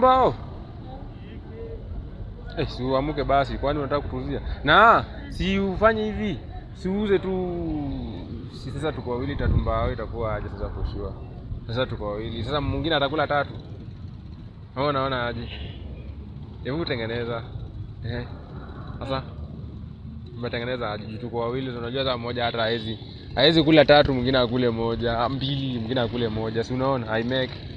Mbao. Eh, si uamuke basi, kwani unataka kutuzia? Na si ufanye hivi, si tu. Si sasa tuko wawili, tatu mbao itakuwa aje sasa kushiwa. Sasa tuko wawili. Sasa mwingine atakula tatu. Wewe unaona aje? Hebu tengeneza. Eh. Sasa umetengeneza aje? Tuko wawili, unajua sasa mmoja hata hawezi. Hawezi kula tatu, mwingine akule moja, mbili, mwingine akule moja. Si unaona? I make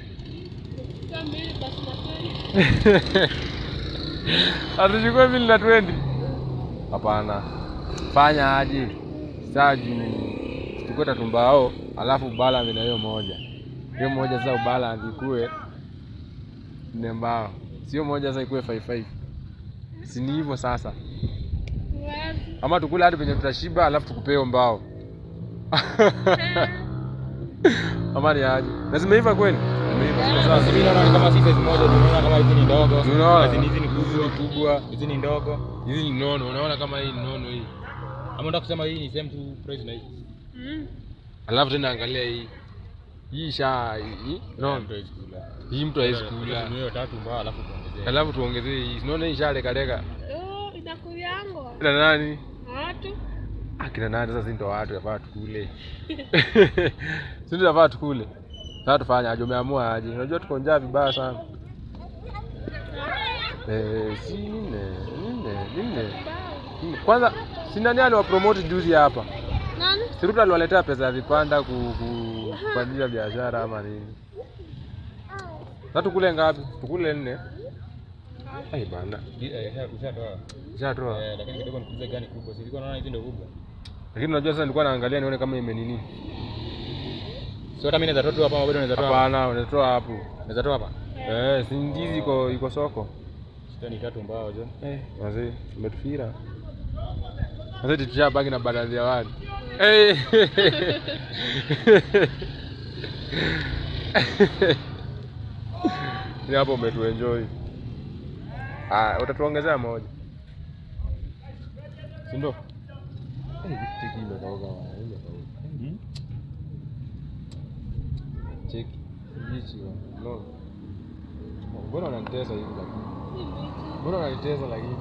Atuchukue mbili na twendi? Hapana, fanya aje saji tukweta tatumbao alafu balance na hiyo moja, hiyo moja sasa ubalance ikue nne mbao, sio moja sasa ikue five five, si ni hivyo sasa? Ama tukula hadi penye tutashiba, alafu tukupeo mbao ama ni aje? Lazima hivyo kweli kama sisi hizi moja tunaona kama hizi ni ndogo, hizi ni kubwa, hizi ni ndogo, hizi ni nono. Unaona kama hii nono hii, ama unataka kusema hii ni same tu price na hii mm. Alafu tena angalia hii hii sha hii nono hii mtu hawezi kula hiyo tatu mbaya, alafu tuongezee, alafu tuongezee hii unaona hii shale kaleka oh, itakulia ngo na nani watu akina nani sasa, ndio watu yafaa tukule, si yafaa tukule sasa tufanye aje, umeamua aje? Unajua tuko njaa vibaya sana. Eh, si nne nne nne. Kwanza si nani promote juzi hapa? Nani? Si Ruto aliwaletea pesa ya vipanda ku, kufanyia biashara ama nini? Sasa tukule ngapi? Tukule nne. Ai bana. Eh, ushatoa. Ushatoa. Eh, lakini kidogo nikuze gani kubwa? Si nilikuwa naona hizi ndio kubwa. Lakini unajua sasa nilikuwa naangalia nione kama imenini. So hata mimi naweza toa hapa, bado naweza toa. Hapana, unaweza toa hapo. Naweza toa hapa. Eh, si ndizi iko iko soko. ni tatu mbao jo. Eh, wazee, umetufira. Wazee tutia bagi na baadhi ya watu. Eh. Ni hapo enjoy. Ah, utatuongezea moja. Si ndio? Eh, tikilo kaoga unacheki mbichi bro. Mbona unanitesa hivi lakini? Mbona unanitesa lakini?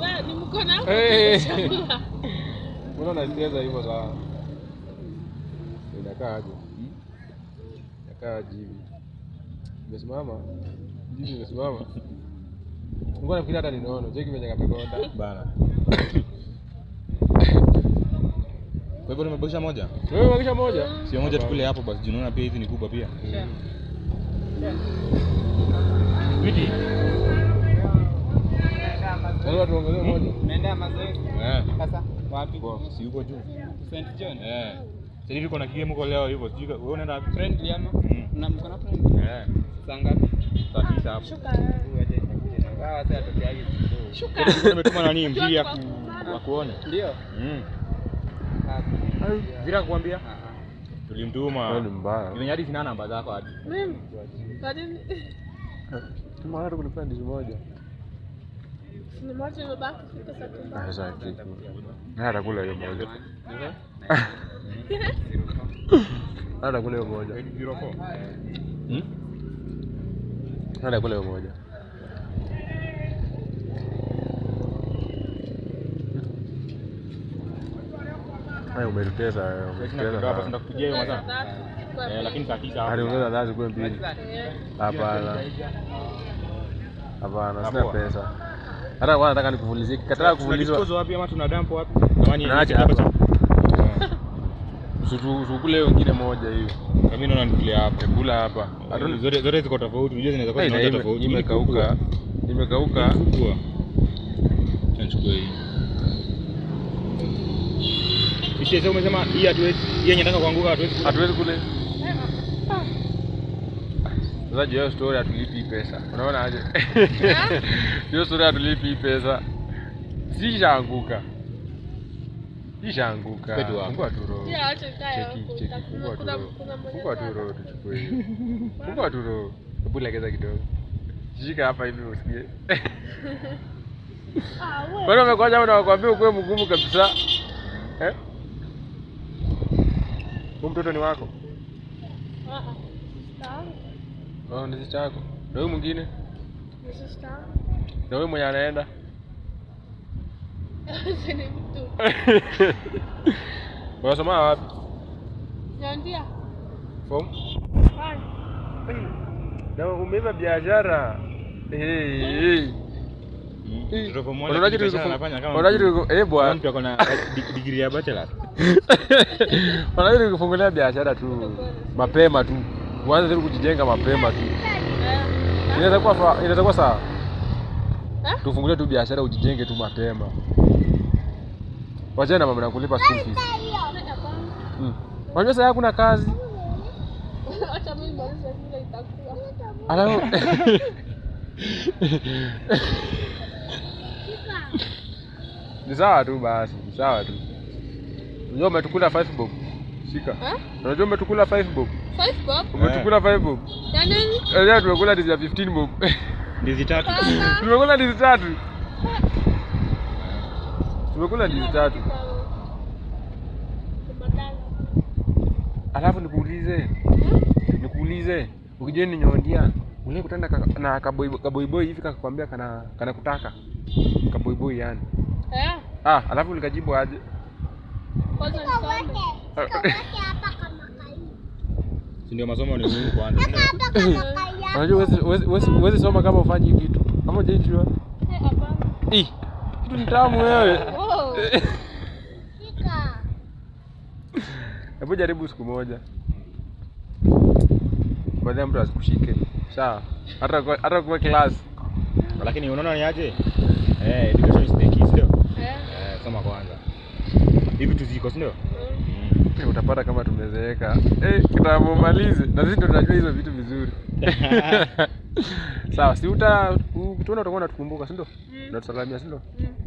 Wewe ni mkono hapo. Mbona unanitesa hivyo sana? Inakaa aje? Hmm? Inakaa aje hivi? Nimesimama. Ndiyo nimesimama. Mbona nafikiri hata ninaona. Cheki venye kapekonda. Bana. Kwa hivyo nimebakisha moja. Wewe bakisha moja. Ah. Sio moja tukule hapo basi. Unaona pia hizi ni kubwa pia. Viti. Sasa tuongelee hmm? moja. Naenda mazoezi. Eh. Sasa wapi? Kwa Si yuko juu. St. John. Eh. Sasa hivi kuna kigame huko leo hivyo. Sijui wewe unaenda wapi? Friendly ama? Hmm. Na mko na friendly? Eh. Saa ngapi? Saa 9 hapo. Shuka. Ah, sasa atokea hivi. Shuka. Nimetuma nani mjia kuona. Ndio. Mm. Zira kuambia? Tulimtuma. Ni mbaya. Ni nyadi sina namba zako hadi. Mimi. Hadi Tuma hata kunipea ndizi moja. Ni moja imebaki fika saa tatu. Sasa ah, kitu. Na hata kula hiyo moja. Hata kula hiyo moja. Hmm? Hata kula hiyo moja. Eh, aliongeza nazi kuwe mbili. Hapana, hapana, sina pesa hata kwa nataka nikuvulizie, kataa kuvulizwa Usukule wengine moja hiyo. Mimi naona nikule hapa. Kula hapa. Eh, zote zote ziko tofauti. Unajua zinaweza kuwa tofauti. Imekauka. Imekauka. Chukua. Chukua hii. Isheze umesema hii hatuwezi, yenye nataka kuanguka hatuwezi. Hatuwezi kule. Sasa hiyo story hatulipi pesa. Unaona aje? Hiyo story hatulipi pesa. Sishaanguka. Ishaanguka. Fungua tu roho. Sio acha kae. Cheki, cheki. Fungua tu roho. Fungua tu roho tuchukue hiyo. Fungua tu roho. Hebu legeza kidogo. Shika hapa hivi usikie. Ah, wewe. Bado umekoja unakwambia ukwe mgumu kabisa. Eh? Huyu mtoto ni wako? Ah, ah. Oh, ni sister yako. Na huyu mwingine? Ni sister. Na huyu mwenye anaenda? Unasoma wapi? Nyandia. Form? Na umeiva biashara. Eh. Unaona kitu unafanya kama. Unaona kitu eh bwana. Mtu ako degree ya bachelor wanazidi kufungulia biashara tu mapema tu, uanze tu kujijenga mapema tu. Inaweza kuwa inaweza kuwa sawa, tufungulie tu biashara ujijenge tu mapema, wachana mambo na school fees. Wajua hmm. sasa hakuna kazi ni sawa tu basi, ni sawa tu. Unajua umetukula five bob. Shika. Unajua umetukula five bob. Five bob? Umetukula five bob. Na nani? Eh, tumekula ndizi ya 15 bob. Ndizi tatu. Tumekula ndizi tatu. Tumekula ndizi tatu. Alafu nikuulize. Nikuulize. Ukijeni ni ule kutana na boy hivi kakwambia kana kana kutaka. boy yani. Eh? Ah, alafu nikajibu aje? Ah, ndio masomo ni muhimu kwanza. Unajua huwezi soma kama ufanyi kitu kama hujajua. Eh, kitu ni tamu wewe. Oh. Eh. Hebu jaribu siku moja, baadaye mtu asikushike sawa, hata hata kwa class. Lakini unaona ni aje? Eh, education is the key, sio? Eh. eh, soma kwanza hivi vitu ziko, si ndio? Mm. Eh, utapata kama tumezeeka eh, kitambo malize, na sisi ndio tunajua hizo vitu vizuri sawa. si uta tuona utakuwa unatukumbuka, si ndio? Mm. Unatusalamia, si ndio? Mm.